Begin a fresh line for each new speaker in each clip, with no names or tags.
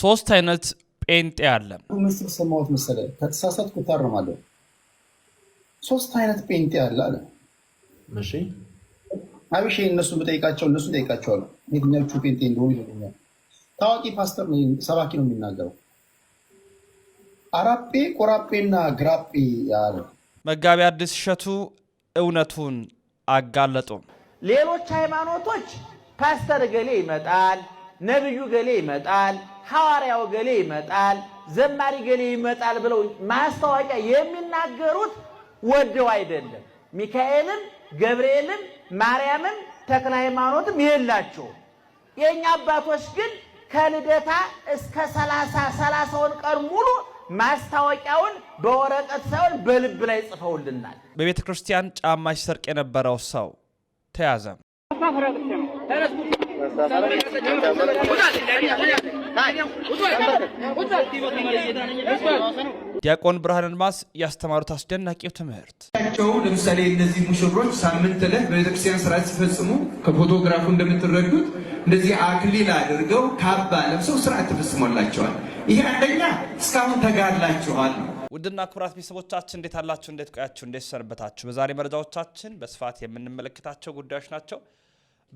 ሶስት አይነት ጴንጤ አለ።
ምስል ሰማሁት መሰለህ። ከተሳሳትኩ እታረማለሁ። ሶስት አይነት ጴንጤ አለ አለ። አብሽ እነሱ ብጠይቃቸው እነሱ እጠይቃቸዋለሁ የትኛዎቹ ጴንጤ እንደሆኑ ይሉኛል። ታዋቂ ፓስተር ሰባኪ ነው የሚናገረው። አራጴ ቆራጴና ግራጴ አለ።
መጋቢ አዲስ እሸቱ እውነቱን አጋለጡም።
ሌሎች ሃይማኖቶች ፓስተር ገሌ ይመጣል ነብዩ ገሌ ይመጣል፣ ሐዋርያው ገሌ ይመጣል፣ ዘማሪ ገሌ ይመጣል ብለው ማስታወቂያ የሚናገሩት ወደው አይደለም። ሚካኤልም ገብርኤልም ማርያምም ተክለ ሃይማኖትም የላቸው የእኛ አባቶች ግን ከልደታ እስከ ሰላሳ ሰላሳውን ቀን ሙሉ ማስታወቂያውን በወረቀት ሳይሆን በልብ ላይ ጽፈውልናል።
በቤተ ክርስቲያን ጫማ ሲሰርቅ የነበረው ሰው ተያዘ። ዲያቆን ብርሃን አልማዝ ያስተማሩት አስደናቂው ትምህርት
ቸው ለምሳሌ እነዚህ ሙሽሮች ሳምንት ዕለት በቤተክርስቲያን ስርዓት ሲፈጽሙ ከፎቶግራፉ እንደምትረዱት እንደዚህ አክሊል አድርገው ካባ ለብሰው ስርዓት ተፈጽሞላቸዋል። ይሄ አንደኛ እስካሁን ተጋድላችኋል።
ውድና ክቡራት ቤተሰቦቻችን እንዴት አላችሁ? እንዴት ቆያችሁ? እንዴት ሰንበታችሁ? በዛሬ መረጃዎቻችን በስፋት የምንመለከታቸው ጉዳዮች ናቸው።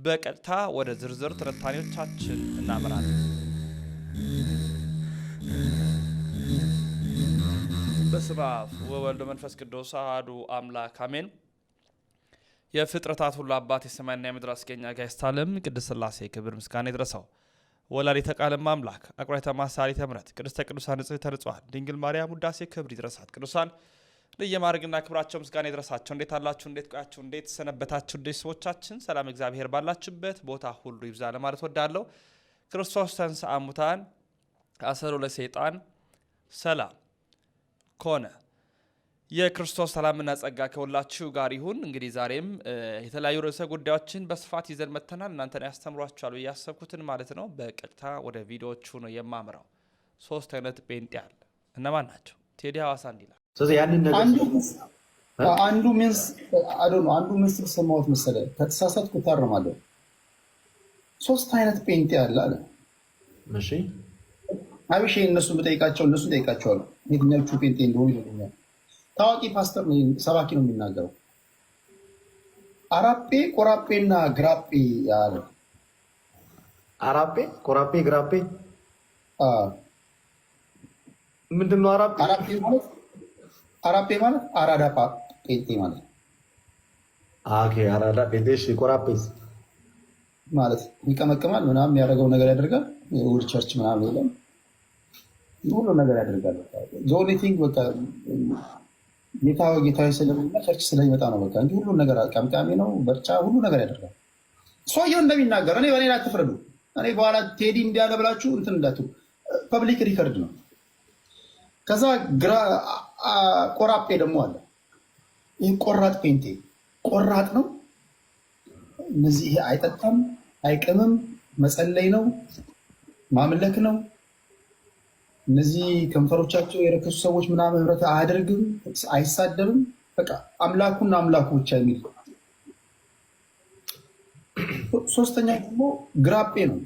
በቀጥታ ወደ ዝርዝር ትንታኔዎቻችን እናምራለን። በስመ አብ ወወልድ መንፈስ ቅዱስ አሐዱ አምላክ አሜን። የፍጥረታት ሁሉ አባት የሰማይና የምድር አስገኛ ጋይስት ዓለም ቅድስት ሥላሴ ክብር ምስጋና ይድረሰው። ወላዲተ ቃል አምላክ አቁራይተ ማሳሪ ተምረት ቅድስተ ቅዱሳን ንጽሕተ ንጹሐን ድንግል ማርያም ውዳሴ ክብር ይድረሳት። ቅዱሳን ለየማድረግና ክብራቸው ምስጋና የደረሳቸው እንዴት አላችሁ? እንዴት ቆያችሁ? እንዴት ሰነበታችሁ? እንዴት ሰዎቻችን ሰላም እግዚአብሔር ባላችሁበት ቦታ ሁሉ ይብዛ ለማለት ወዳለው ክርስቶስ ተንሥአ እሙታን አሰሮ ለሰይጣን ሰላም ኮነ። የክርስቶስ ሰላምና ጸጋ ከሁላችሁ ጋር ይሁን። እንግዲህ ዛሬም የተለያዩ ርዕሰ ጉዳዮችን በስፋት ይዘን መጥተናል። እናንተን ያስተምሯችኋል ብዬ ያሰብኩትን ማለት ነው። በቀጥታ ወደ ቪዲዮዎቹ ነው የማምራው። ሶስት አይነት ጴንጤ አለ። እነማን ናቸው? ቴዲ
ስለዚህ ያንን ነገር አንዱ ሚንስ አዶ ነው። አንዱ ሚንስ ሰማሁት መሰለህ፣ ከተሳሳትኩ ታርማለህ። ሶስት አይነት ጴንጤ አለ አለ። እሺ አብሽ እነሱ ብጠይቃቸው እነሱን ጠይቃቸዋለሁ የትኛዎቹ ጴንጤ እንደሆኑ ይሉኛል። ታዋቂ ፓስተር ሰባኪ ነው የሚናገረው። አራጴ ቆራጴና ግራጴ አለ።
አራጴ ቆራጴ ግራጴ ምንድነው? ነው?
አራጴ ማለት አራጴ ማለት አራዳ ጴንጤ ማለት
አራዳ ጴንጤ ቆራጴስ
ማለት ይቀመቅማል፣ ምናምን ያደረገው ነገር ያደርጋል። ውድ ቸርች ምናምን የለም፣ ሁሉ ነገር ያደርጋል። ዞኒ ቲንግ በቃ ጌታ ጌታዊ ስለሆነ ቸርች ስለሚመጣ ነው። በቃ እንጂ ሁሉ ነገር ቀምቃሚ ነው፣ በርጫ ሁሉ ነገር ያደርጋል። ሰውየው እንደሚናገር እኔ በሌላ አትፍረዱ። እኔ በኋላ ቴዲ እንዲያለ ብላችሁ እንትን እንዳትሉ፣ ፐብሊክ ሪከርድ ነው። ከዛ ግራ ቆራጴ ደግሞ አለ። ይህ ቆራጥ ጴንጤ ቆራጥ ነው። እነዚህ አይጠጣም፣ አይቅምም፣ መጸለይ ነው፣ ማምለክ ነው። እነዚህ ከንፈሮቻቸው የረከሱ ሰዎች ምናምን ህብረት አያደርግም፣ አይሳደብም። በቃ አምላኩና አምላኩ ብቻ የሚል ሶስተኛ ደግሞ ግራጴ ነው።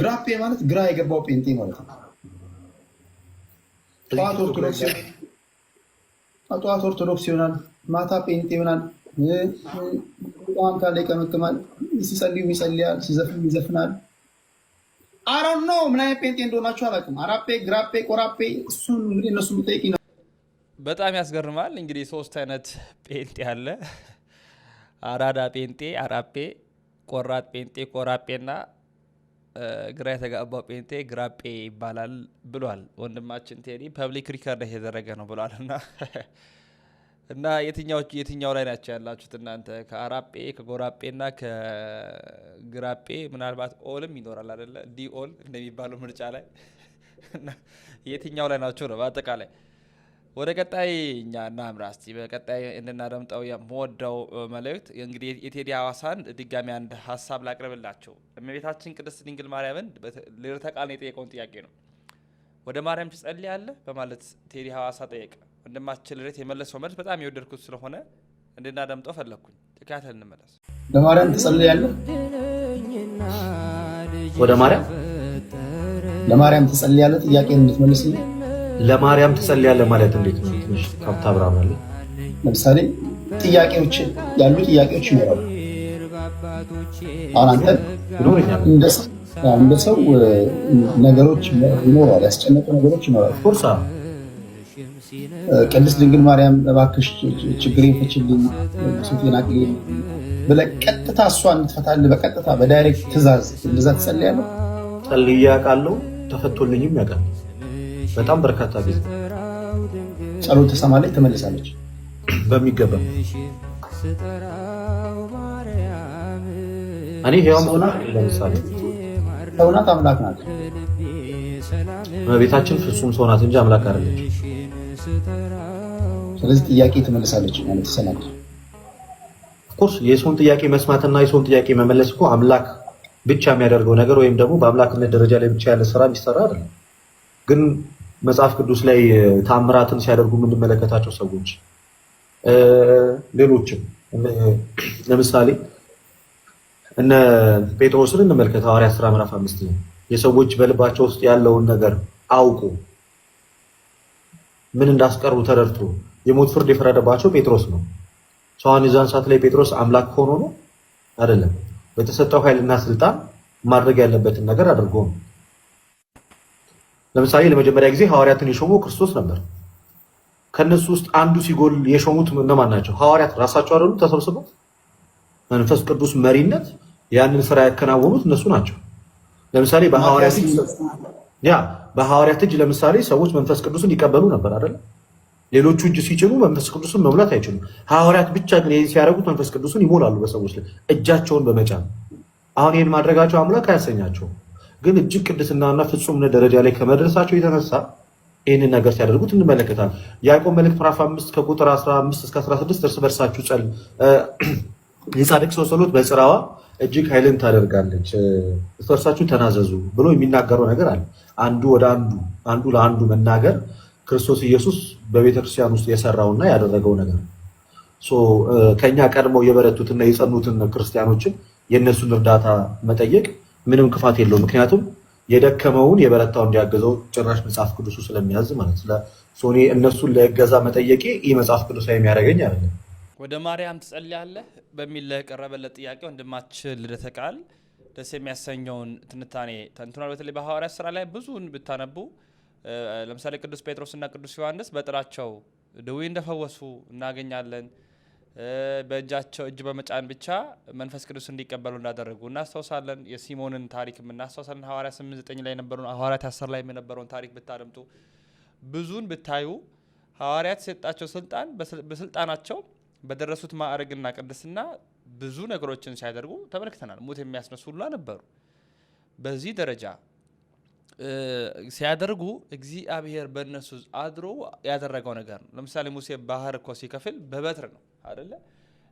ግራጴ ማለት ግራ የገባው ጴንጤ ማለት ነው። ጠዋት ኦርቶዶክስ ይሆናል፣ ማታ ጴንጤ ይሆናል። በጣም ላይ ቀመቅማል፣ ሲጸልዩም ይጸልያል፣ ሲዘፍኑም ይዘፍናል። አረን ነው ምን አይነት ጴንጤ እንደሆናችሁ አላውቅም። አራጴ፣ ግራጴ፣ ቆራጴ እሱን እንግዲህ እነሱ ጠይቂ ነው።
በጣም ያስገርማል። እንግዲህ ሶስት አይነት ጴንጤ አለ። አራዳ ጴንጤ፣ አራጴ፣ ቆራጥ ጴንጤ፣ ቆራጴና ግራ የተጋባው ጴንጤ ግራጴ ይባላል ብሏል ወንድማችን ቴዲ። ፐብሊክ ሪከርድ የተደረገ ነው ብሏል እና እና የትኛዎቹ የትኛው ላይ ናቸው ያላችሁት እናንተ? ከአራጴ ከጎራጴ እና ከግራጴ ምናልባት ኦልም ይኖራል አይደለ? ዲ ኦል እንደሚባለው ምርጫ ላይ የትኛው ላይ ናቸው ነው በአጠቃላይ ወደ ቀጣይ እኛ እናምራ እስቲ። በቀጣይ እንድናደምጠው የምወደው መልእክት እንግዲህ የቴዲ አዋሳን ድጋሚ አንድ ሀሳብ ላቅርብላቸው። እመቤታችን ቅድስት ድንግል ማርያምን ልደተ ቃል ነው የጠየቀውን ጥያቄ ነው። ወደ ማርያም ትጸልይ አለ በማለት ቴዲ ሀዋሳ ጠየቀ። ወንድማችን ልደት የመለሰው መልስ በጣም የወደድኩት ስለሆነ እንድናደምጠው ፈለግኩኝ። ተከታተል፣ እንመለስ።
ለማርያም ትጸልይ አለ ወደ ማርያም ለማርያም ትጸልይ አለ ጥያቄ እንድትመልስልኝ
ለማርያም ትጸልያለ ማለት እንዴት ነው? ትንሽ ካብታብራራለ
ለምሳሌ ጥያቄዎች ያሉ ጥያቄዎች ይኖራሉ። አሁን አንተ እንደ ሰው ነገሮች ይኖራል፣ ያስጨነቁ ነገሮች ይኖራል። ርሳ ቅድስት ድንግል ማርያም እባክሽ ችግር ፍችልኝ፣ ሱቴና ብለህ ቀጥታ እሷ እንድትፈታልህ በቀጥታ በዳይሬክት ትእዛዝ እንደዛ ትጸልያለህ? ጸልዬ አውቃለሁ፣ ተፈቶልኝም ያውቃል። በጣም በርካታ ጊዜ ጸሎት ላይ ትመልሳለች
በሚገባ እኔ ህያውም ሆና ለምሳሌ
ሰውናት አምላክ ናት።
እመቤታችን ፍጹም ሰውናት እንጂ አምላክ አይደለች።
ስለዚህ ጥያቄ ትመልሳለች ማለት ትሰማለች። ኦፍኮርስ የሰውን ጥያቄ መስማትና የሰውን ጥያቄ መመለስ እኮ አምላክ ብቻ የሚያደርገው ነገር ወይም ደግሞ በአምላክነት ደረጃ ላይ ብቻ ያለ ስራ የሚሰራ አይደለም ግን መጽሐፍ ቅዱስ ላይ ታምራትን ሲያደርጉ የምንመለከታቸው ሰዎች ሌሎችም ለምሳሌ እነ ጴጥሮስን እንመልከት። ሐዋርያ ሥራ ምዕራፍ አምስት የሰዎች በልባቸው ውስጥ ያለውን ነገር አውቁ ምን እንዳስቀሩ ተረድቶ የሞት ፍርድ የፈረደባቸው ጴጥሮስ ነው። ሰዋን የዛን ሰዓት ላይ ጴጥሮስ አምላክ ሆኖ ነው አይደለም። በተሰጠው ኃይልና ስልጣን ማድረግ ያለበትን ነገር አድርጎ ነው። ለምሳሌ ለመጀመሪያ ጊዜ ሐዋርያትን የሾመው ክርስቶስ ነበር። ከነሱ ውስጥ አንዱ ሲጎል የሾሙት እነማን ናቸው? ሐዋርያት ራሳቸው አይደሉ? ተሰብስበው መንፈስ ቅዱስ መሪነት ያንን ስራ ያከናወኑት እነሱ ናቸው። ለምሳሌ በሐዋርያት እጅ ለምሳሌ ሰዎች መንፈስ ቅዱስን ይቀበሉ ነበር አይደለም? ሌሎቹ እጅ ሲጭኑ መንፈስ ቅዱስን መሙላት አይችሉም። ሐዋርያት ብቻ ግን ይህን ሲያደርጉት መንፈስ ቅዱስን ይሞላሉ በሰዎች ላይ እጃቸውን በመጫን አሁን ይህን ማድረጋቸው አምላክ አያሰኛቸውም። ግን እጅግ ቅድስናና ፍጹምነት ደረጃ ላይ ከመድረሳቸው የተነሳ ይህንን ነገር ሲያደርጉት እንመለከታል። ያዕቆብ መልእክት ምዕራፍ አምስት ከቁጥር 15 እስከ 16 እርስ በርሳችሁ ጸል የጻድቅ ሰው ጸሎት በጽራዋ እጅግ ኃይልን ታደርጋለች፣ እርስ በርሳችሁ ተናዘዙ ብሎ የሚናገረው ነገር አለ። አንዱ ወደ አንዱ አንዱ ለአንዱ መናገር ክርስቶስ ኢየሱስ በቤተክርስቲያን ውስጥ የሰራውና ያደረገው ነገር ከእኛ ቀድመው የበረቱትና የጸኑትን ክርስቲያኖችን የእነሱን እርዳታ መጠየቅ ምንም ክፋት የለው። ምክንያቱም የደከመውን የበረታው እንዲያገዘው ጭራሽ መጽሐፍ ቅዱሱ ስለሚያዝ ማለት ስለሆኔ እነሱን ለገዛ መጠየቄ ይህ መጽሐፍ ቅዱስ የሚያደርገኝ አይደለም።
ወደ ማርያም ትጸልያለህ በሚል ለቀረበለት ጥያቄ ወንድማችን ልደተ ቃል ደስ የሚያሰኘውን ትንታኔ ተንትኗል። በተለይ በሐዋርያት ስራ ላይ ብዙውን ብታነቡ ለምሳሌ ቅዱስ ጴጥሮስና ቅዱስ ዮሐንስ በጥራቸው ድዊ እንደፈወሱ እናገኛለን። በእጃቸው እጅ በመጫን ብቻ መንፈስ ቅዱስ እንዲቀበሉ እንዳደረጉ እናስታውሳለን። የሲሞንን ታሪክም እናስታውሳለን። ሐዋርያ 89 ላይ የነበረውን ሐዋርያት 10 ላይ የነበረውን ታሪክ ብታደምጡ ብዙን ብታዩ ሐዋርያት የሰጣቸው ስልጣን በስልጣናቸው በደረሱት ማዕረግና ቅድስና ብዙ ነገሮችን ሲያደርጉ ተመልክተናል። ሙት የሚያስነሱ ሁላ ነበሩ። በዚህ ደረጃ ሲያደርጉ እግዚአብሔር በእነሱ አድሮ ያደረገው ነገር ነው። ለምሳሌ ሙሴ ባህር እኮ ሲከፍል በበትር ነው አደለ?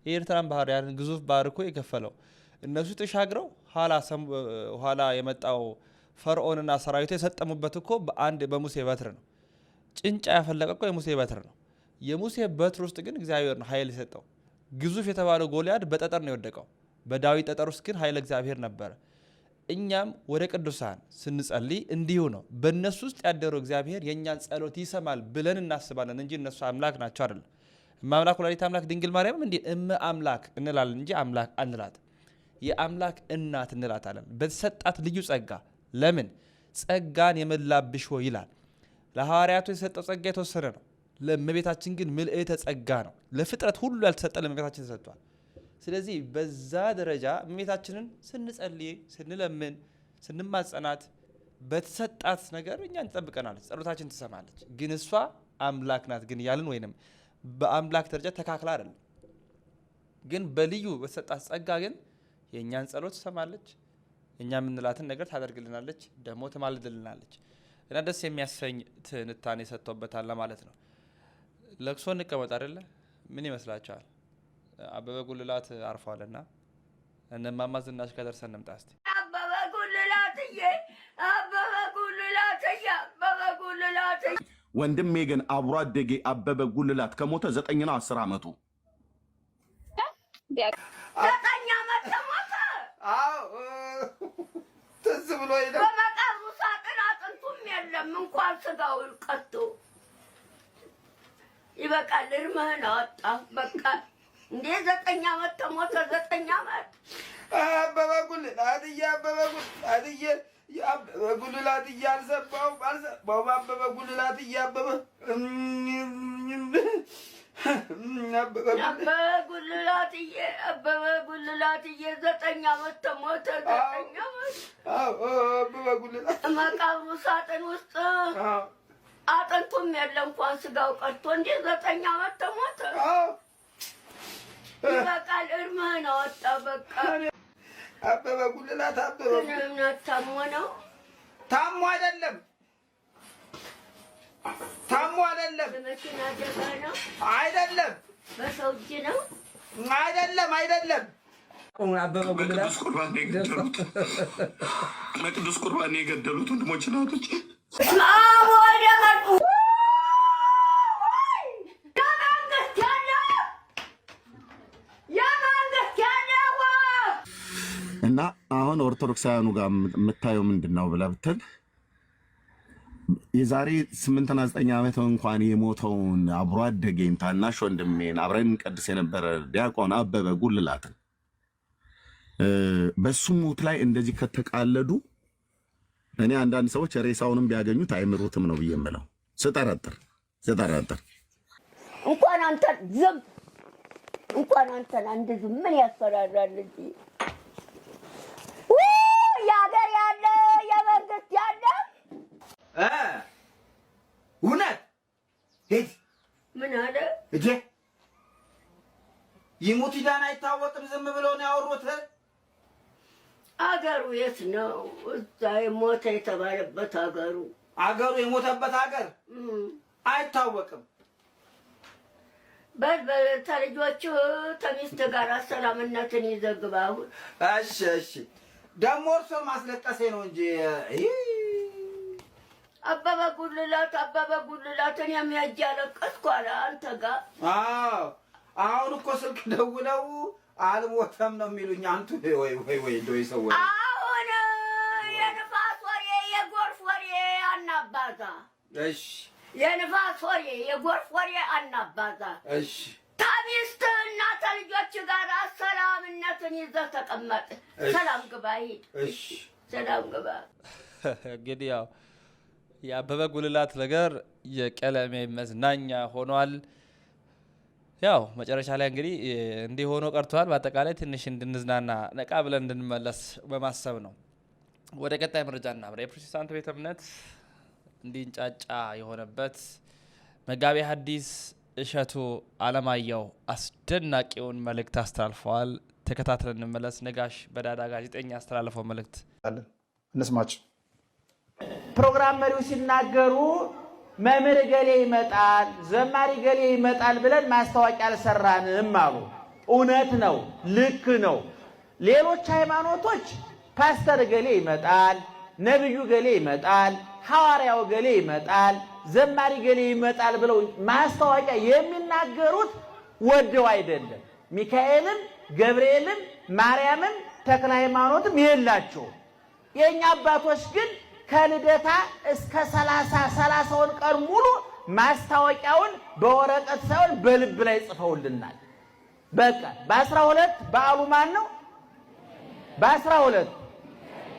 የኤርትራን ባህር ያን ግዙፍ ባህር እኮ የከፈለው እነሱ ተሻግረው ኋላ የመጣው ፈርዖንና ሰራዊቱ የሰጠሙበት እኮ በአንድ በሙሴ በትር ነው። ጭንጫ ያፈለቀ እኮ የሙሴ በትር ነው። የሙሴ በትር ውስጥ ግን እግዚአብሔር ነው ኃይል የሰጠው። ግዙፍ የተባለው ጎልያድ በጠጠር ነው የወደቀው። በዳዊት ጠጠር ውስጥ ግን ኃይል እግዚአብሔር ነበረ። እኛም ወደ ቅዱሳን ስንጸልይ እንዲሁ ነው። በእነሱ ውስጥ ያደረው እግዚአብሔር የእኛን ጸሎት ይሰማል ብለን እናስባለን እንጂ እነሱ አምላክ ናቸው አይደለም። እማምላክ ወላዲተ አምላክ ድንግል ማርያም እንዲ እመ አምላክ እንላለን እንጂ አምላክ አንላት። የአምላክ እናት እንላታለን በተሰጣት ልዩ ጸጋ። ለምን ጸጋን የመላብሽ ሆይ ይላል። ለሐዋርያቱ የሰጠው ጸጋ የተወሰነ ነው። ለእመቤታችን ግን ምልዕተ ጸጋ ነው። ለፍጥረት ሁሉ ያልተሰጠ ለእመቤታችን ተሰጥቷል። ስለዚህ በዛ ደረጃ እመቤታችንን ስንጸልይ፣ ስንለምን፣ ስንማጸናት በተሰጣት ነገር እኛን ትጠብቀናለች፣ ጸሎታችን ትሰማለች። ግን እሷ አምላክ ናት ግን እያልን ወይንም በአምላክ ደረጃ ተካክላ አይደለም። ግን በልዩ በተሰጣት ጸጋ ግን የእኛን ጸሎት ትሰማለች፣ እኛ የምንላትን ነገር ታደርግልናለች፣ ደግሞ ትማልድልናለች እና ደስ የሚያሰኝ ትንታኔ ሰጥቶበታል ለማለት ነው። ለቅሶ እንቀመጥ አይደለ? ምን ይመስላችኋል? አበበ ጉልላት አርፏልና እነማማ ዝናሽ ከደርሰን እንምጣ እስቲ። አበበ ጉልላትዬ፣ አበበ
ጉልላትዬ፣ አበበ ጉልላትዬ። ወንድሜ ግን አብሮ አደጌ አበበ ጉልላት ከሞተ ዘጠኝ ነው አስር አመቱ
ዘጠኝ አመት ተሞተ። ትዝ ብሎ በመቃብሩ ሳጥን አጥንቱም የለም እንኳን ስጋው ቀጡ። ይበቃል። እርምህን አወጣ በቃ እንዴ ዘጠኝ አመት ተሞተ። ዘጠኝ ዓመት
አበበ ጉልላት አበበ ጉልላት አበበ ጉልላት አልሰባው አልሰባው አበበ ጉልላት አበበ አበበ ጉልላት
መቃብሩ ሳጥን ውስጥ አጥንቱም የለ እንኳን ስጋው ቀርቶ እንዴ ዘጠኝ ዓመት ተሞተ። ይበቃል። እርምህን አወጣ። በቃ
አበበ ጉልላት አበበ
ጉልላት ታሞ ነው።
ታሞ አይደለም ታሞ አይደለም።
በመኪና አደጋ ነው አይደለም። በሰው እጅ ነው
አይደለም። አይደለም
በቅዱስ ቁርባን የገደሉት ወንድሞች ናቶች
አሁን ኦርቶዶክሳውያኑ ጋር የምታየው ምንድን ነው ብለህ ብትል የዛሬ ስምንትና ዘጠኝ ዓመት እንኳን የሞተውን አብሮ አደገኝ ታናሽ ወንድሜን አብረን ቀድስ የነበረ ዲያቆን አበበ ጉልላትን በሱ ሞት ላይ እንደዚህ ከተቃለዱ እኔ አንዳንድ ሰዎች ሬሳውንም ቢያገኙት አይምሩትም ነው ብዬ ምለው ስጠረጥር ስጠረጥር
እንኳን አንተን ዝም እንኳን አንተን አንድ ዝም ምን ያስፈራራል?
እውነት ሂድ። ምን አለ እዴ? ይሙት ይዳን አይታወቅም። ዝም ብሎ ነው ያወሩት።
አገሩ የት ነው? እዛ የሞተ የተባለበት አገሩ
አገሩ የሞተበት አገር አይታወቅም።
በል በል ተልጆቹ ተሚስት ጋር ሰላምነትን ይዘግባሁ።
እሺ እሺ፣ ደግሞ እርሶ ማስለቀሴ ነው እንጂ
አበበ ጉልላት አበበ ጉልላት እኔ ያጅ ያለቀስኩ አለ አንተ ጋር።
አዎ አሁን እኮ ስልክ ደውለው አልሞተም ነው የሚሉኝ። አንቱ ወይ ወይ ወይ እንደው ይሰው
አሁን የንፋስ ወሬ የጎርፍ ወሬ አናባዛ። እሺ የንፋስ ወሬ የጎርፍ ወሬ አናባዛ። እሺ ከሚስትህ እና ተልጆች ጋር ሰላምነትን ይዘህ ተቀመጥ። ሰላም ግባ፣ ሂድ። እሺ ሰላም ግባ።
እንግዲህ ያው የአበበ ጉልላት ነገር የቀለሜ መዝናኛ ሆኗል። ያው መጨረሻ ላይ እንግዲህ እንዲህ ሆኖ ቀርቷል። በአጠቃላይ ትንሽ እንድንዝናና ነቃ ብለን እንድንመለስ በማሰብ ነው። ወደ ቀጣይ መረጃ እናምራ። የፕሮቴስታንት ቤተ እምነት እንዲንጫጫ የሆነበት መጋቢ ሐዲስ እሸቱ አለማየሁ አስደናቂውን መልእክት አስተላልፈዋል። ተከታትለን እንመለስ። ነጋሽ በዳዳ ጋዜጠኛ አስተላልፈው መልእክት
አለን
ፕሮግራም መሪው ሲናገሩ መምህር ገሌ ይመጣል፣ ዘማሪ ገሌ ይመጣል ብለን ማስታወቂያ አልሰራንም አሉ። እውነት ነው፣ ልክ ነው። ሌሎች ሃይማኖቶች ፓስተር ገሌ ይመጣል፣ ነብዩ ገሌ ይመጣል፣ ሐዋርያው ገሌ ይመጣል፣ ዘማሪ ገሌ ይመጣል ብለው ማስታወቂያ የሚናገሩት ወደው አይደለም። ሚካኤልም ገብርኤልም ማርያምም ተክለ ሃይማኖትም የላቸው። የእኛ አባቶች ግን ከልደታ እስከ ሰላሳ ሰላሳውን ቀን ሙሉ ማስታወቂያውን በወረቀት ሳይሆን በልብ ላይ ጽፈውልናል። በቃ በአስራ ሁለት በዓሉ ማን ነው? በአስራ ሁለት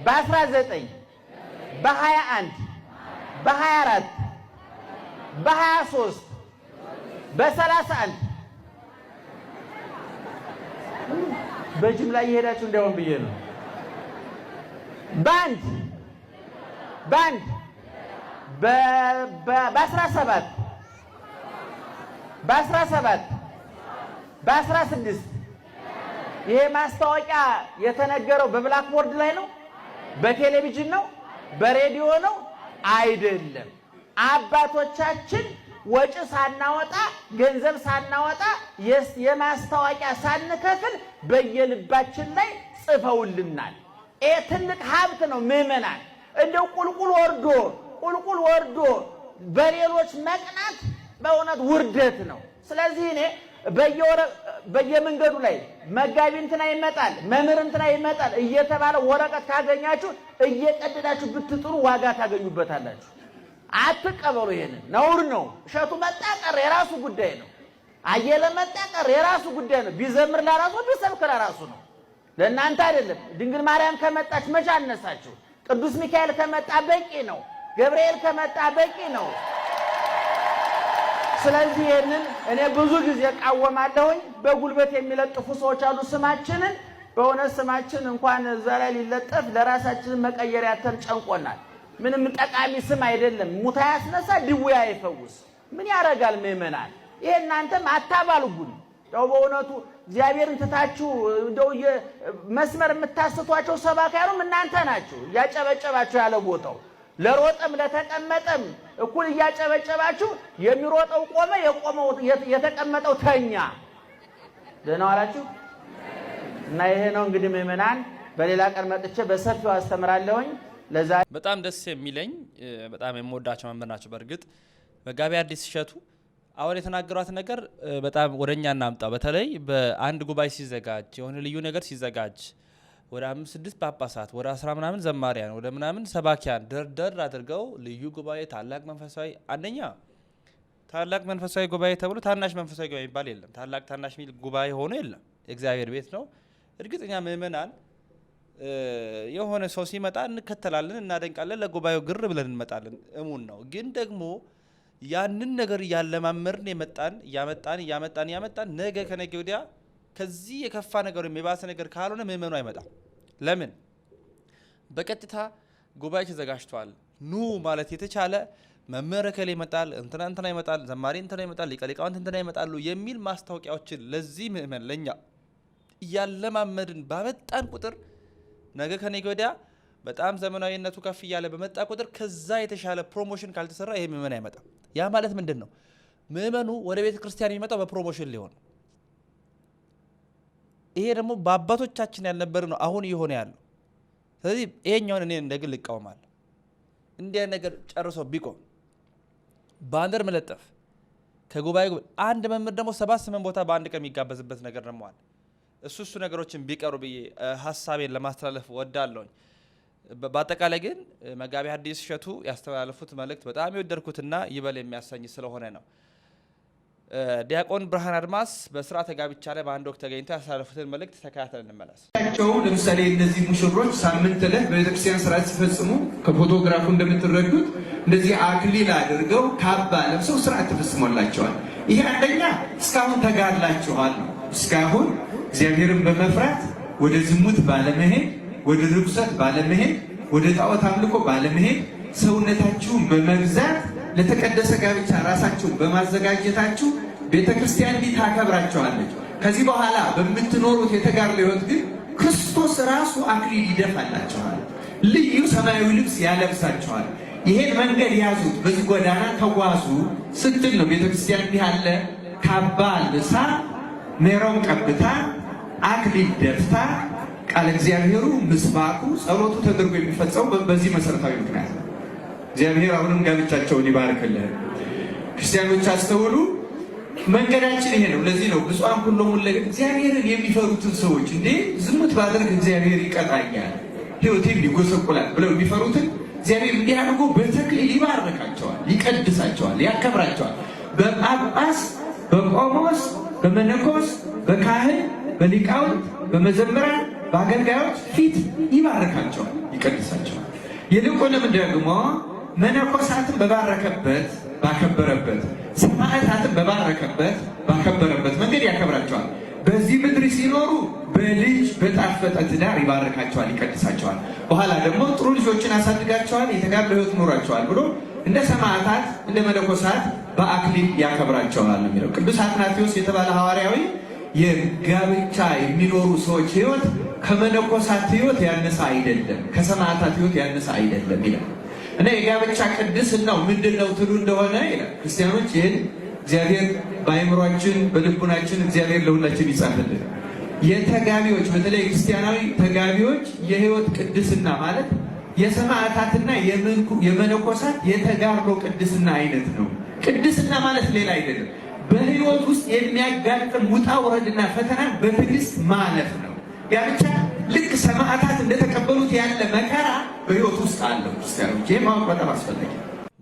በአስራ ዘጠኝ በሀያ አንድ በሀያ አራት በሀያ ሦስት በሰላሳ አንድ
በጅምላ እየሄዳችሁ እንዳይሆን ብዬ ነው በአንድ በአንድ በአስራ ሰባት በአስራ ሰባት በአስራ ስድስት
ይሄ ማስታወቂያ የተነገረው በብላክቦርድ ላይ ነው፣ በቴሌቪዥን ነው፣ በሬዲዮ ነው አይደለም። አባቶቻችን ወጪ ሳናወጣ ገንዘብ ሳናወጣ የማስታወቂያ ሳንከፍል በየልባችን ላይ ጽፈውልናል። ይሄ ትልቅ ሀብት ነው ምዕመናን። እንደው ቁልቁል ወርዶ ቁልቁል ወርዶ በሌሎች መቅናት በእውነት ውርደት ነው። ስለዚህ እኔ በየመንገዱ ላይ መጋቢ እንትና ይመጣል፣ መምህር እንትና ይመጣል እየተባለ ወረቀት ካገኛችሁ እየቀደዳችሁ ብትጥሩ ዋጋ ታገኙበታላችሁ። አትቀበሉ። ይሄንን ነውር ነው። እሸቱ መጣቀር የራሱ ጉዳይ ነው። አየለ መጣቀር የራሱ ጉዳይ ነው። ቢዘምር ለራሱ ቢሰብክ ለራሱ ነው፣ ለእናንተ አይደለም። ድንግል ማርያም ከመጣች መቼ አነሳችሁ? ቅዱስ ሚካኤል ከመጣ በቂ ነው። ገብርኤል ከመጣ በቂ ነው። ስለዚህ ይህንን እኔ ብዙ ጊዜ እቃወማለሁኝ። በጉልበት የሚለጥፉ ሰዎች አሉ ስማችንን። በእውነት ስማችን እንኳን እዛ ላይ ሊለጠፍ ለራሳችንን መቀየር ያተን ጨንቆናል። ምንም ጠቃሚ ስም አይደለም። ሙታ ያስነሳ፣ ድውያ አይፈውስ። ምን ያደርጋል ምእመናን? ይሄ እናንተም አታባልጉን። ያው በእውነቱ እግዚአብሔርን ትታችሁ እንደው መስመር የምታስቷቸው ሰባካያኑም እናንተ ናችሁ። እያጨበጨባችሁ ያለ ቦታው ለሮጠም ለተቀመጠም እኩል እያጨበጨባችሁ፣ የሚሮጠው ቆመ፣ የቆመው የተቀመጠው ተኛ። ደህና ዋላችሁ። እና ይሄ ነው እንግዲህ ምእመናን፣ በሌላ ቀን መጥቼ በሰፊው አስተምራለሁኝ። ለዛ
በጣም ደስ የሚለኝ በጣም የምወዳቸው መምህር ናቸው። በእርግጥ መጋቢ አዲስ እሸቱ አሁን የተናገሯት ነገር በጣም ወደ እኛ እናምጣው። በተለይ በአንድ ጉባኤ ሲዘጋጅ የሆነ ልዩ ነገር ሲዘጋጅ ወደ አምስት ስድስት ጳጳሳት ወደ አስራ ምናምን ዘማሪያን ወደ ምናምን ሰባኪያን ደርደር አድርገው ልዩ ጉባኤ፣ ታላቅ መንፈሳዊ አንደኛ ታላቅ መንፈሳዊ ጉባኤ ተብሎ ታናሽ መንፈሳዊ ጉባኤ የሚባል የለም። ታላቅ ታናሽ የሚል ጉባኤ ሆኖ የለም። እግዚአብሔር ቤት ነው። እርግጠኛ ምእመናን የሆነ ሰው ሲመጣ እንከተላለን፣ እናደንቃለን፣ ለጉባኤው ግር ብለን እንመጣለን። እሙን ነው ግን ደግሞ ያንን ነገር እያለማመርን የመጣን እያመጣን እያመጣን እያመጣን ነገ ከነገ ወዲያ ከዚህ የከፋ ነገር ወይም የባሰ ነገር ካልሆነ ምእመኑ አይመጣም። ለምን በቀጥታ ጉባኤ ተዘጋጅቷል ኑ ማለት የተቻለ መምህር እከሌ ይመጣል፣ እንትና እንትና ይመጣል፣ ዘማሪ እንትና ይመጣል፣ ሊቀ ሊቃውንት እንትና ይመጣሉ የሚል ማስታወቂያዎችን ለዚህ ምእመን ለእኛ እያለማመድን ባመጣን ቁጥር ነገ ከነገ ወዲያ በጣም ዘመናዊነቱ ከፍ እያለ በመጣ ቁጥር ከዛ የተሻለ ፕሮሞሽን ካልተሰራ ይሄ ምእመን አይመጣም። ያ ማለት ምንድን ነው? ምእመኑ ወደ ቤተ ክርስቲያን የሚመጣው በፕሮሞሽን ሊሆን ይሄ ደግሞ በአባቶቻችን ያልነበር ነው አሁን እየሆነ ያለው። ስለዚህ ይሄኛውን እኔ እንደ ግል እቃወማለሁ። እንዲህ ነገር ጨርሶ ቢቆም ባነር መለጠፍ ከጉባኤ አንድ መምህር ደግሞ ሰባት ስምንት ቦታ በአንድ ቀን የሚጋበዝበት ነገር ደግሞ አለ። እሱ እሱ ነገሮችን ቢቀሩ ብዬ ሀሳቤን ለማስተላለፍ ወዳለውኝ። በአጠቃላይ ግን መጋቢ ሐዲስ እሸቱ ያስተላለፉት መልእክት በጣም የወደድኩትና ይበል የሚያሰኝ ስለሆነ ነው። ዲያቆን ብርሃን አድማስ በስርዓተ ጋብቻ ላይ በአንድ ወቅት ተገኝቶ ያስተላለፉትን መልእክት ተከታተል እንመለስ።
ቸው ለምሳሌ እነዚህ ሙሽሮች ሳምንት ዕለት በቤተክርስቲያን ስርዓት ሲፈጽሙ ከፎቶግራፉ እንደምትረዱት እንደዚህ አክሊል አድርገው ካባ ለብሰው ስርዓት ተፈጽሞላቸዋል። ይሄ አንደኛ እስካሁን ተጋድላችኋል ነው። እስካሁን እግዚአብሔርን በመፍራት ወደ ዝሙት ባለመሄድ ወደ ርኩሰት ባለመሄድ፣ ወደ ጣዖት አምልኮ ባለመሄድ፣ ሰውነታችሁን በመግዛት ለተቀደሰ ጋብቻ ራሳችሁን በማዘጋጀታችሁ ቤተክርስቲያን እንዲህ ታከብራቸዋለች። ከዚህ በኋላ በምትኖሩት የተጋድሎ ሕይወት ግን ክርስቶስ ራሱ አክሊል ይደፋላችኋል፣ ልዩ ሰማያዊ ልብስ ያለብሳችኋል። ይሄን መንገድ ያዙት፣ በዚህ ጎዳና ተጓዙ ስትል ነው ቤተክርስቲያን እንዲህ አለ ካባ ልብሳ ሜሮን ቀብታ አክሊል ደፍታ ቃለ እግዚአብሔሩ ምስባኩ፣ ጸሎቱ ተደርጎ የሚፈጸመው በዚህ መሰረታዊ ምክንያት ነው። እግዚአብሔር አሁንም ጋብቻቸውን ይባርክልን። ክርስቲያኖች አስተውሉ። መንገዳችን ይሄ ነው። ለዚህ ነው ብፁዓን ሁሉም ሁሉ እግዚአብሔርን የሚፈሩትን ሰዎች እንዴ ዝሙት ባደርግ እግዚአብሔር ይቀጣኛል፣ ሕይወቴም ይጎሰቁላል ብለው የሚፈሩትን እግዚአብሔር እንዲህ አድርጎ በተክሊል ይባርካቸዋል፣ ይቀድሳቸዋል፣ ያከብራቸዋል። በጳጳስ በቆሞስ በመነኮስ በካህን በሊቃውንት በመዘምራን በአገልጋዮች ፊት ይባርካቸዋል፣ ይቀድሳቸዋል። ይልቁንም ደግሞ መነኮሳትን በባረከበት ባከበረበት፣ ሰማዕታትን በባረከበት ባከበረበት መንገድ ያከብራቸዋል። በዚህ ምድር ሲኖሩ በልጅ በጣፈጠ ትዳር ይባርካቸዋል፣ ይቀድሳቸዋል። በኋላ ደግሞ ጥሩ ልጆችን አሳድጋቸዋል፣ የተጋባ ሕይወት ኖራቸዋል ብሎ እንደ ሰማዕታት እንደ መነኮሳት በአክሊል ያከብራቸዋል ነው የሚለው ቅዱስ አትናቴዎስ የተባለ ሐዋርያዊ የጋብቻ የሚኖሩ ሰዎች ህይወት ከመነኮሳት ህይወት ያነሰ አይደለም፣ ከሰማዕታት ህይወት ያነሰ አይደለም ይላል እና የጋብቻ ቅድስናው ምንድን ነው ትሉ እንደሆነ ይላል ክርስቲያኖች ይህን እግዚአብሔር በአይምሯችን በልቡናችን እግዚአብሔር ለሁላችን ይጻፍልን። የተጋቢዎች በተለይ ክርስቲያናዊ ተጋቢዎች የህይወት ቅድስና ማለት የሰማዕታትና የመነኮሳት የተጋሮ ቅድስና አይነት ነው። ቅድስና ማለት ሌላ አይደለም። በህይወት ውስጥ የሚያጋጥም ውጣ ውረድና ፈተና በትዕግስት ማለፍ ነው። ያ ብቻ ልክ ሰማዕታት እንደተቀበሉት ያለ መከራ በህይወት ውስጥ አለው። ክርስቲያኖች ይህ ማወቅ በጣም አስፈላጊ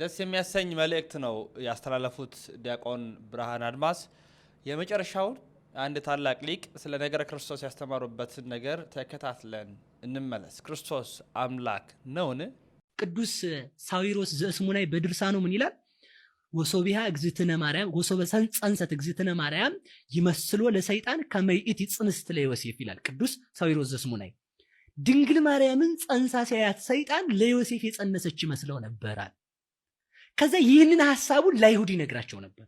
ደስ የሚያሰኝ መልእክት ነው ያስተላለፉት ዲያቆን ብርሃን አድማስ። የመጨረሻውን አንድ ታላቅ ሊቅ ስለ ነገረ ክርስቶስ ያስተማሩበትን ነገር ተከታትለን እንመለስ። ክርስቶስ አምላክ ነውን?
ቅዱስ ሳዊሮስ በድርሳ በድርሳኑ ምን ይላል? ወሶቢሃ እግዚትነ ማርያም ወሶበ ፀንሰት እግዚትነ ማርያም ይመስሎ ለሰይጣን ከመይእቲ ጽንስት ለዮሴፍ ይላል ቅዱስ ሳዊሮስ ዘስሙናይ። ድንግል ማርያምን ፀንሳ ሲያያት ሰይጣን ለዮሴፍ የጸነሰች ይመስለው ነበራል። ከዛ ይህንን ሐሳቡን ለአይሁድ ይነግራቸው ነበር።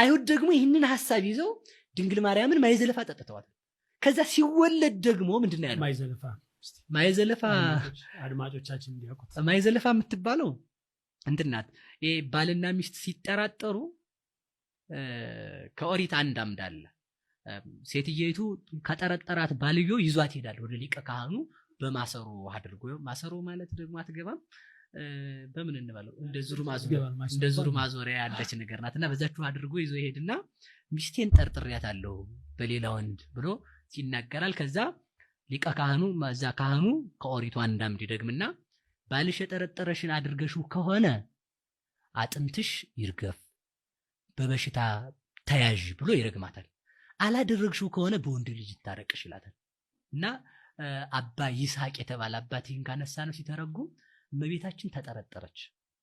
አይሁድ ደግሞ ይህንን ሐሳብ ይዘው ድንግል ማርያምን ማይዘለፋ ጠጥተዋል። ከዛ ሲወለድ ደግሞ ምንድን ያለ ማይዘለፋ ማይዘለፋ
አድማጮቻችን እንዲያውቁት
ማይዘለፋ የምትባለው እንትናት ይሄ ባልና ሚስት ሲጠራጠሩ ከኦሪት አንድ አምድ አለ። ሴትየይቱ ከጠረጠራት ባልዮ ይዟት ይሄዳል ወደ ሊቀ ካህኑ በማሰሮ አድርጎ። ማሰሮ ማለት ደግሞ አትገባም፣ በምን እንበለው እንደ ዙር ማዞሪያ ያለች ነገር ናት። እና በዛችሁ አድርጎ ይዞ ይሄድና ሚስቴን አለው በሌላ ወንድ ብሎ ይናገራል። ከዛ ሊቀ ካህኑ እዛ ካህኑ ከኦሪቱ አንድ አምድ ይደግምና ባልሽ የጠረጠረሽን አድርገሹ ከሆነ አጥንትሽ ይርገፍ፣ በበሽታ ተያዥ ብሎ ይረግማታል። አላደረግሽው ከሆነ በወንድ ልጅ ይታረቅሽ ይላታል። እና አባ ይስሐቅ የተባለ ይህን ካነሳ ነው ሲተረጉ እመቤታችን ተጠረጠረች።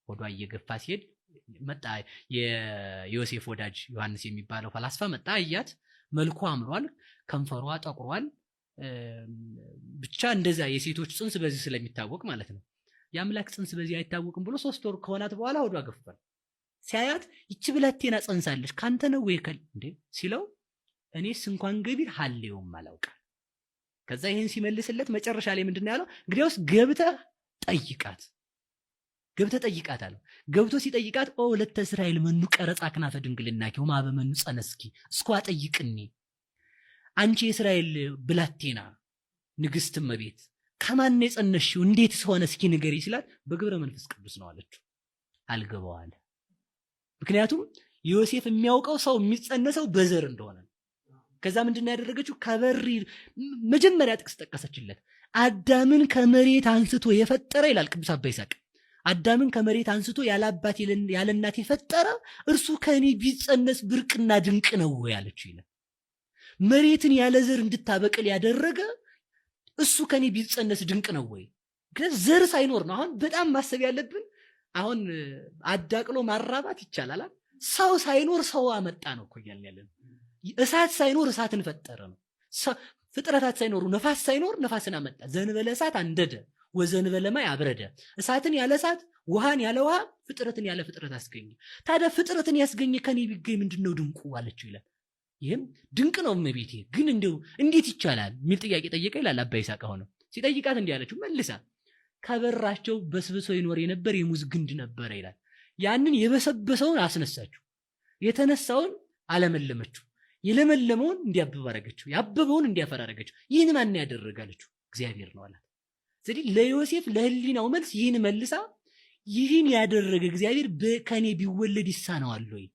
ሆዷ እየገፋ ሲሄድ መጣ የዮሴፍ ወዳጅ ዮሐንስ የሚባለው ፈላስፋ መጣ። እያት መልኩ አምሯል፣ ከንፈሯ ጠቁሯል። ብቻ እንደዛ የሴቶች ጽንስ በዚህ ስለሚታወቅ ማለት ነው የአምላክ ፅንስ በዚህ አይታወቅም ብሎ ሶስት ወር ከሆናት በኋላ ወዷ ገፍቷል። ሲያያት ይቺ ብላቴና ጸንሳለች ካንተ ነው ወይ እንዴ ሲለው እኔስ እንኳን ገቢር ሀሌውም አላውቃል። ከዛ ይህን ሲመልስለት መጨረሻ ላይ ምንድን ያለው? እንግዲያውስ ገብተ ጠይቃት ገብተ ጠይቃት አለው። ገብቶ ሲጠይቃት ኦ ለተ እስራኤል መኑ ቀረጻ ክናፈ ድንግልና ወማ በመኑ ጸነስኪ እስኳ ጠይቅኒ አንቺ የእስራኤል ብላቴና ንግሥት እመቤት ከማን የጸነሽው እንዴት ሆነ እስኪ ንገሪ ሲላት በግብረ መንፈስ ቅዱስ ነው አለችው። አልገባዋል። ምክንያቱም ዮሴፍ የሚያውቀው ሰው የሚጸነሰው በዘር እንደሆነ ከዛ ምንድን ያደረገችው? ከበሪ መጀመሪያ ጥቅስ ጠቀሰችለት። አዳምን ከመሬት አንስቶ የፈጠረ ይላል ቅዱስ አባ ይሳቅ አዳምን ከመሬት አንስቶ ያለአባት ያለእናት ያለ እናት የፈጠረ እርሱ ከእኔ ቢጸነስ ብርቅና ድንቅ ነው ያለችው ይላል። መሬትን ያለ ዘር እንድታበቅል ያደረገ እሱ ከኔ ቢጸነስ ድንቅ ነው ወይ? ምክንያት ዘር ሳይኖር ነው። አሁን በጣም ማሰብ ያለብን አሁን አዳቅሎ ማራባት ይቻላል። ሰው ሳይኖር ሰው አመጣ ነው እኮ እያልን ያለን። እሳት ሳይኖር እሳትን ፈጠረ ነው። ፍጥረታት ሳይኖሩ ነፋስ ሳይኖር ነፋስን አመጣ። ዘንበለ እሳት አንደደ ወዘንበለ ማይ አብረደ። እሳትን ያለ እሳት፣ ውሃን ያለ ውሃ፣ ፍጥረትን ያለ ፍጥረት አስገኘ። ታዲያ ፍጥረትን ያስገኘ ከኔ ቢገኝ ምንድን ነው ድንቁ አለችው ይላል። ይህም ድንቅ ነው እመቤቴ፣ ግን እንደው እንዴት ይቻላል የሚል ጥያቄ ጠየቀ ይላል አባ ይስሐቅ። ሆነ ሲጠይቃት እንዲህ አለችው መልሳ ከበራቸው በስብሶ ይኖር የነበር የሙዝ ግንድ ነበረ ይላል። ያንን የበሰበሰውን አስነሳችሁ፣ የተነሳውን አለመለመችው፣ የለመለመውን እንዲያበባረገችው ያበበውን እንዲያፈራረገችው ይህን ማን ያደረጋለችው? እግዚአብሔር ነው አላት። ስለዚህ ለዮሴፍ ለህሊናው መልስ ይህን መልሳ ይህን ያደረገ እግዚአብሔር ከእኔ ቢወለድ ይሳነዋል ወይ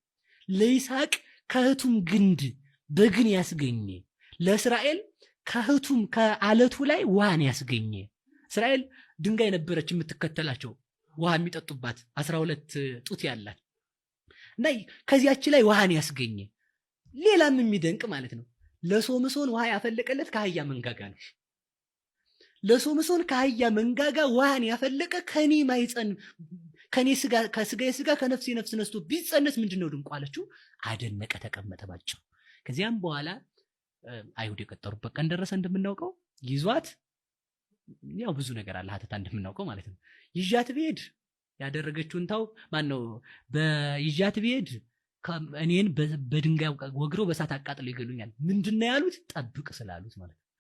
ለይስሐቅ ከህቱም ግንድ በግን ያስገኘ ለእስራኤል ከህቱም ከአለቱ ላይ ውሃን ያስገኘ እስራኤል ድንጋይ ነበረች የምትከተላቸው ውሃ የሚጠጡባት አስራ ሁለት ጡት ያላት እና ከዚያች ላይ ውሃን ያስገኘ ሌላም የሚደንቅ ማለት ነው ለሶምሶን ውሃ ያፈለቀለት ከአህያ መንጋጋ ነው ለሶምሶን ከአህያ መንጋጋ ውሃን ያፈለቀ ከኔ ማይፀን ከስጋዬ ስጋ ከነፍሴ ነፍስ ነስቶ ቢጸነስ ምንድን ነው ድንቁ አለችው። አደነቀ፣ ተቀመጠ ባጭሩ። ከዚያም በኋላ አይሁድ የቀጠሩበት ቀን ደረሰ። እንደምናውቀው ይዟት ያው ብዙ ነገር አለ ሀተታ እንደምናውቀው ማለት ነው። ይዣት ብሄድ ያደረገችውን ታው ማን ነው? በይዣት ብሄድ እኔን በድንጋይ ወግረው በሳት አቃጥለው ይገሉኛል። ምንድን ነው ያሉት? ጠብቅ ስላሉት ማለት ነው።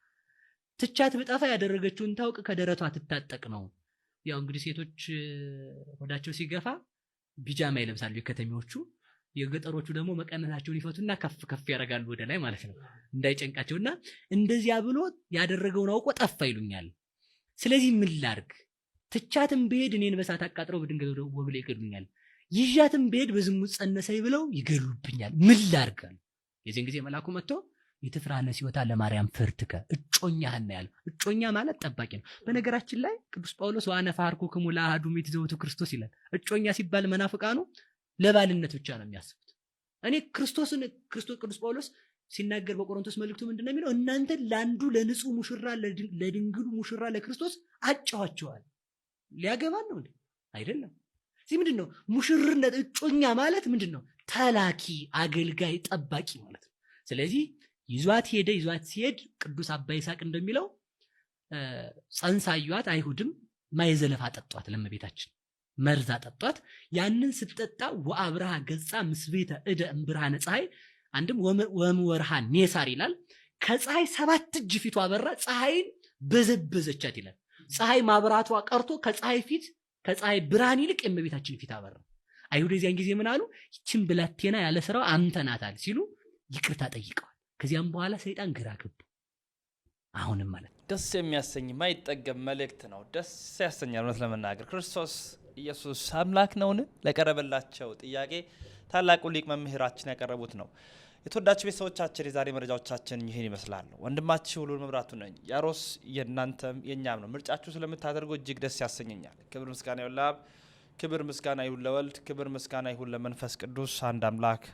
ትቻት ብጠፋ ያደረገችውን ታውቅ ከደረቷ ትታጠቅ ነው ያው እንግዲህ ሴቶች ወዳቸው ሲገፋ ቢጃማ ይለብሳሉ የከተሜዎቹ። የገጠሮቹ ደግሞ መቀነታቸውን ይፈቱና ከፍ ከፍ ያደርጋሉ ወደ ላይ ማለት ነው እንዳይጨንቃቸውና እንደዚያ ብሎ ያደረገውን አውቆ ጠፋ ይሉኛል። ስለዚህ ምን ላርግ? ትቻትም ብሄድ እኔን በሳት አቃጥረው በድንገት ወብላ ይገሉኛል። ይዣትም ብሄድ በዝሙት ጸነሰኝ ብለው ይገሉብኛል። ምን ላርጋል? የዚህን ጊዜ መልአኩ መጥቶ የትፍራነስ ሲወታ ለማርያም ፍርትከ እጮኛህን ነው ያለው። እጮኛ ማለት ጠባቂ ነው። በነገራችን ላይ ቅዱስ ጳውሎስ ክሙ ለአህዱ ሚት ዘውቱ ክርስቶስ ይላል። እጮኛ ሲባል መናፍቃኑ ለባልነት ብቻ ነው የሚያስቡት። እኔ ክርስቶስን ክርስቶስ ቅዱስ ጳውሎስ ሲናገር በቆሮንቶስ መልእክቱ ምንድን ነው የሚለው? እናንተ ለአንዱ ለንጹህ ሙሽራ ለድንግሉ ሙሽራ ለክርስቶስ አጫዋቸዋል። ሊያገባን ነው አይደለም። እዚህ ምንድን ነው ሙሽርነት? እጮኛ ማለት ምንድን ነው? ተላኪ፣ አገልጋይ፣ ጠባቂ ማለት ነው። ስለዚህ ይዟት ሄደ። ይዟት ሲሄድ ቅዱስ አባ ይሳቅ እንደሚለው ጸንሳ አዩዋት አይሁድም ማይዘለፍ ጠጧት ለመቤታችን መርዛ ጠጧት ያንን ስትጠጣ ወአብርሃ ገጻ ምስቤተ እደ እምብርሃነ ፀሐይ አንድም ወምወርሃ ኔሳር ይላል። ከፀሐይ ሰባት እጅ ፊቱ አበራ፣ ፀሐይን በዘበዘቻት ይላል። ፀሐይ ማብራቷ ቀርቶ ከፀሐይ ፊት ከፀሐይ ብርሃን ይልቅ የመቤታችን ፊት አበራ። አይሁድ የዚያን ጊዜ ምን አሉ? ይችን ብላቴና ያለ ስራው አንተናታል ሲሉ ይቅርታ ጠይቀዋል። ከዚያም በኋላ ሰይጣን ግራ ገቡ። አሁንም ማለት
ደስ የሚያሰኝ ማይጠገብ መልእክት ነው። ደስ ያሰኛል። እውነት ለመናገር ክርስቶስ ኢየሱስ አምላክ ነውን? ለቀረበላቸው ጥያቄ ታላቁ ሊቅ መምህራችን ያቀረቡት ነው። የተወዳችሁ ቤተሰቦቻችን የዛሬ መረጃዎቻችን ይህን ይመስላሉ። ወንድማችሁ ሁሉን መብራቱ ነኝ። ያሮስ የእናንተም የእኛም ነው። ምርጫችሁ ስለምታደርጉ እጅግ ደስ ያሰኘኛል። ክብር ምስጋና ይሁን ለአብ፣ ክብር ምስጋና ይሁን ለወልድ፣ ክብር ምስጋና ይሁን ለመንፈስ ቅዱስ አንድ አምላክ